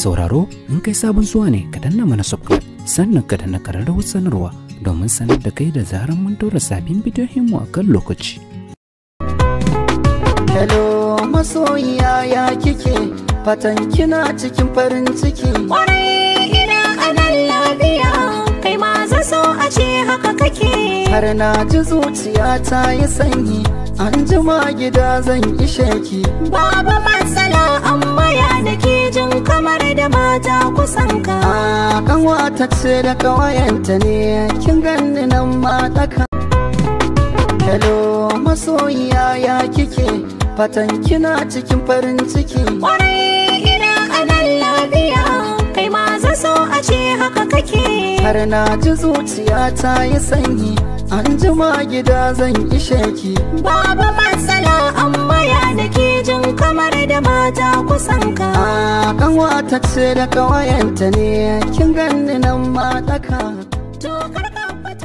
sauraro in kai sabon zuwa ne ka danna mana subscribe sannan ka danna kararrawar sanarwa domin sanar da kai da zaran mun tura sabbin bidiyoyinmu a kan lokaci. Hello masoyiya ya kike fatan kina cikin farin ciki. Kwarai ina anan lafiya kai ma zaso a ce haka kake. Har na ji zuciya ta yi sanyi an jima gida zan ishe ki. Babu matsala. san ka a kan wata ce da kawayenta ne kin ganni nan ma daka hello masoyiya ya kike fatan kina cikin farin ciki Ƙwarai ina anan lafiya kai ma zan so a ce haka kake har na ji zuciya ta yi sanyi an jima gida zan ishe ki baba ma kamar da mata kusan ka a kanwa ta ce da kawayenta ne kin ganni nan ma daka to karka